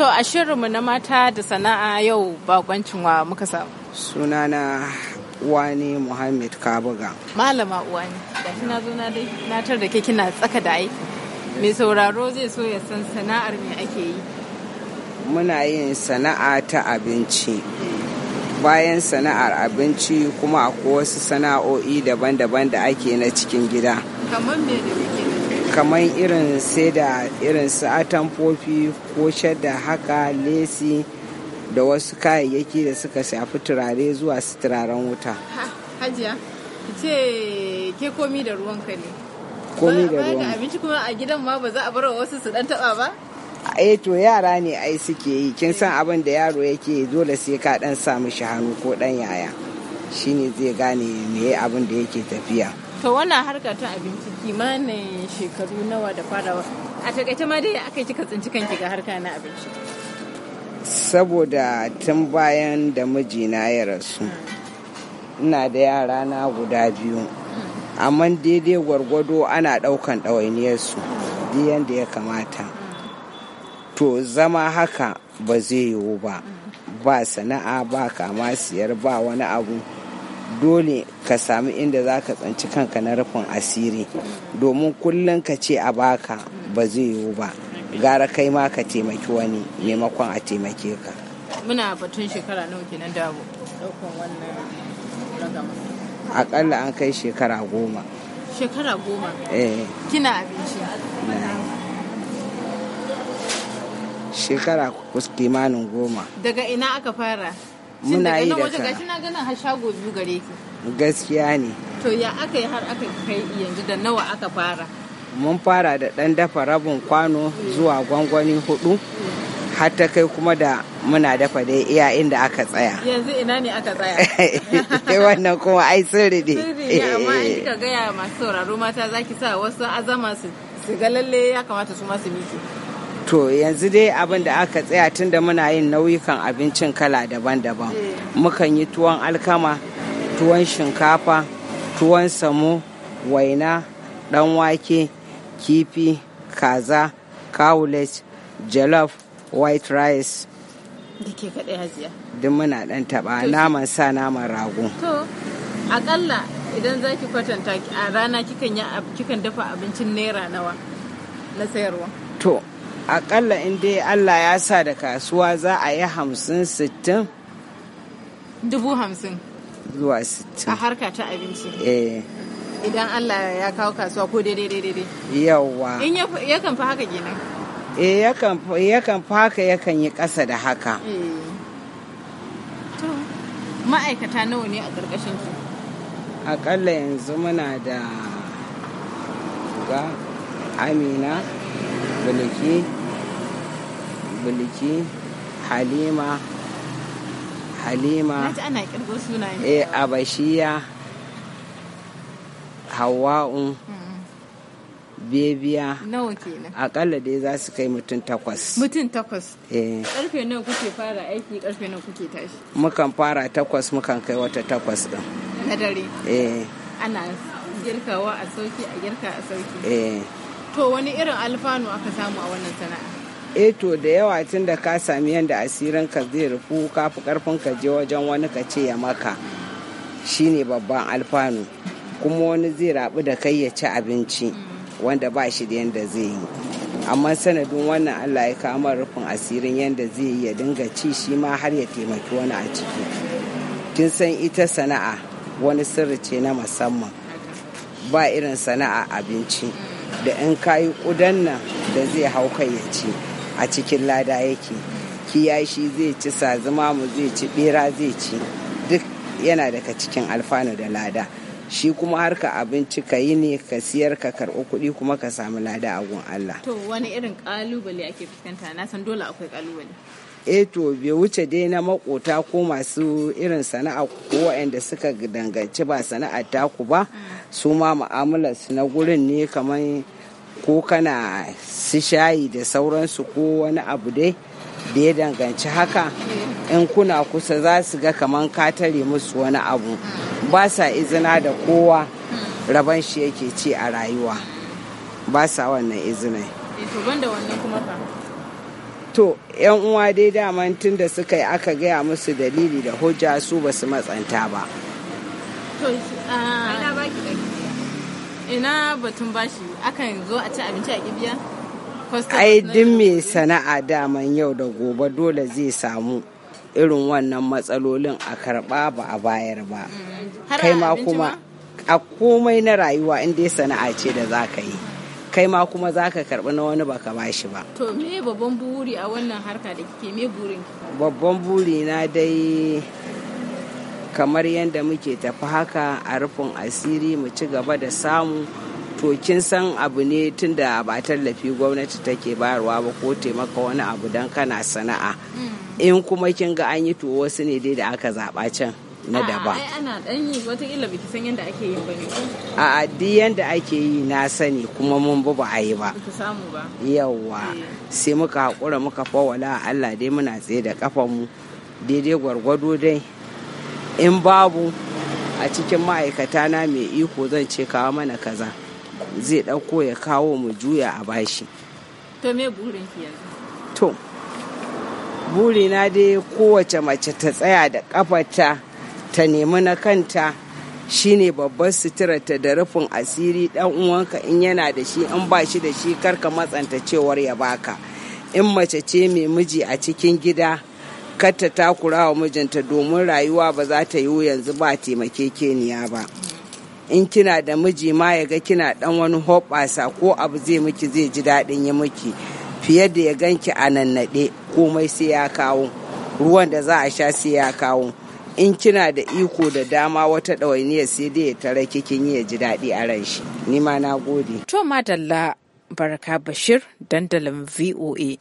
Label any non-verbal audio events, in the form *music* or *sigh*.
To a shirinmu na mata da sana'a yau bakoncin wa muka samu. Sunana wani Muhammad Kabuga. Malama Uwani, da na zo na dai natar da ke kina tsaka da aiki. Mai sauraro zai so ya san sana'ar me ake yi. Muna yin sana'a ta abinci. Bayan sana'ar abinci kuma akwai wasu sana'o'i daban-daban da ake na cikin gida. Kamar me da kamar irin sai da irin su atamfofi ko shadda haka lesi da wasu kayayyaki da suka shafi turare zuwa su turaren wuta hajiya ce ke komi da ruwan ne komi da ruwan abinci kuma a gidan ma ba za a bar wasu su dan taba ba eh to yara ne ai suke yi kin san eh. abin da yaro yake dole sai ka dan sa mishi hannu ko dan yaya shine zai gane me abin da yake tafiya To wannan harka ta abinci kimanin shekaru nawa da farawa. A takaice ma dai aka kika tsinci kanki ga harka na abinci. Saboda tun bayan da mijina ya rasu, ina da yara na guda biyu. Amma daidai gwargwado ana ɗaukan ɗawainiyarsu yadda ya kamata. To zama haka ba zai yiwu ba. Ba sana'a ba kama siyar ba wani abu. dole ka sami inda za ka tsanci kanka na rufin asiri domin kullum ka ce a baka ba zai yiwu ba gara kai ma ka taimaki wani maimakon a taimake ka muna batun shekara nawa kenan dawo. daukan wannan ragama akalla an kai shekara goma shekara goma eh kina abinci shekara kimanin goma daga ina aka fara muna yi da ka gashi na ganin har shago biyu gare ki gaskiya ne to ya aka yi har aka kai yanzu da nawa aka fara mun fara da ɗan dafa rabin kwano zuwa gwangwani hudu har ta kai kuma da muna dafa dai iya inda aka tsaya yanzu ina ne aka tsaya *laughs* wannan kuma ai sirri ne amma in kika gaya masu sauraro mata za ki sa wasu azama su ga lalle ya kamata su masu miki to yanzu dai abin da aka tsaya tun da muna yin nauyukan abincin kala daban-daban mukan yi tuwon alkama tuwon shinkafa tuwon samu waina dan wake kifi kaza kawulet jollof white rice da ke kaɗai hajiya duk muna ɗan taɓa naman sa naman rago to akalla idan za ki kwatanta a rana kikan dafa abincin naira nawa na sayarwa to akalla in dai Allah ya sa da kasuwa za a yi hamsin sittin dubu hamsin zuwa sittin a harka ta abinci eh idan Allah ya kawo kasuwa ko daidai daidai yawa in yakan fi haka gina eh yakan fi haka yakan yi ƙasa da haka eh. ma'aikata nawa ne a ƙarƙashin ki aƙalla yanzu muna da ga amina baliki biliki halima halima ana eh, abashiya hawa'un bebiya akalla dai za su kai mutum takwas mutum takwas karfe eh. nawa kuke fara aiki karfe nawa kuke tashi mukan fara takwas mukan kai wata takwas din na dare eh. ana girkawa a sauki a girka a sauki to wani irin alfanu aka samu a wannan sana'a eto eh da yawa tun da ka sami yadda asirin ka zai rufu ka karfin ka je wajen wani ka ce ya maka shine babban alfanu kuma wani zai rabu da kai ya ci abinci wanda ba shi da yadda zai yi amma sanadin wannan allah ya kama rufin asirin yadda zai yi ya dinga ci shi ma har ya taimaki wani a ciki kin san ita sana'a wani sirri ce na musamman ba irin sana'a abinci da in kayi kudan nan da zai hau kai ya ci a cikin lada yake kiyashi zai ci mu zai ci bera zai ci duk yana daga cikin alfanu da lada shi kuma har ka abinci ka yi ne ka siyar ka karɓi kuɗi kuma ka samu lada a gun Allah. To wani irin ƙalubale ake fuskanta na san dole akwai ƙalubale. E to bai wuce dai na makota ko masu irin sana'a ko waɗanda suka danganci ba sana'a taku ba mm. su ma mu'amalar na gurin ne kamar ko kana su shayi da sauransu ko wani abu dai da ya danganci haka in kuna kusa za su ga kaman ka musu wani abu ba sa izina da kowa raban shi yake ci a rayuwa ba sa wannan izinin eh, to yan uwa dai daman tun da suka yi aka gaya musu dalili da hujja su ba su matsanta ba ah, ina batun bashi akan zo a ci abinci a kibiya ai duk mai sana'a daman yau da gobe dole zai samu irin wannan matsalolin a karba ba a bayar ba mm. kai ma kuma a komai na rayuwa inda sana'a ce da za ka yi kai ma kuma za ka karɓi na wani baka ba shi ba to me babban buri a wannan harka da kike me burin babban buri na dai kamar yadda muke tafi haka a rufin asiri mu ci gaba da samu tokin san abu ne tun ba tallafi gwamnati take bayarwa ba ko taimaka wani abu don kana sana'a mm. in kuma kin ga an yi to wasu ne dai da aka zaɓa can na daban. ake a duk yadda ake yi na sani kuma mun ba ba a yi ba yawwa yawa eh. sai muka haƙura muka fawala Allah dai muna tsaye da kafanmu daidai gwargwado dai in babu a cikin ma'aikata na mai iko zan ce kawo mana kaza zai ɗauko ya kawo mu juya a bashi to me burin yanzu to burina dai kowace mace ta tsaya da ƙafarta ta nemi na kanta shine babbar suturarta da rufin asiri dan uwanka in yana da shi in ba shi da shi karka matsanta cewar ya baka in mace ce mai miji a cikin gida karta ta takura wa mijinta domin rayuwa ba za ta yiwu yanzu ba taimakekeniya ba in kina da miji ma ya ga kina dan wani hoɓasa ko abu zai miki zai ji daɗin ya miki fiye da ya ganki a nan nannaɗe komai sai ya kawo ruwan da za a sha sai ya kawo in kina da iko da dama wata ɗawainiyar sai dai ya tara kikin yi ya ji daɗi a ran shi ni ma na gode to madalla baraka bashir dandalin voa